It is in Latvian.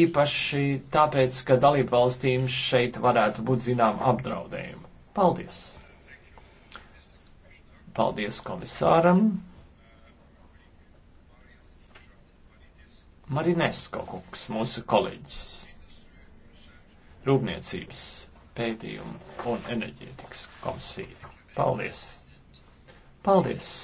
īpaši tāpēc, ka dalību valstīm šeit varētu būt zinām apdraudējumi. Paldies! Paldies komisāram! Marinesko kungs, mūsu kolēģis, Rūpniecības pētījumu un enerģētikas komisija. Paldies! Paldies!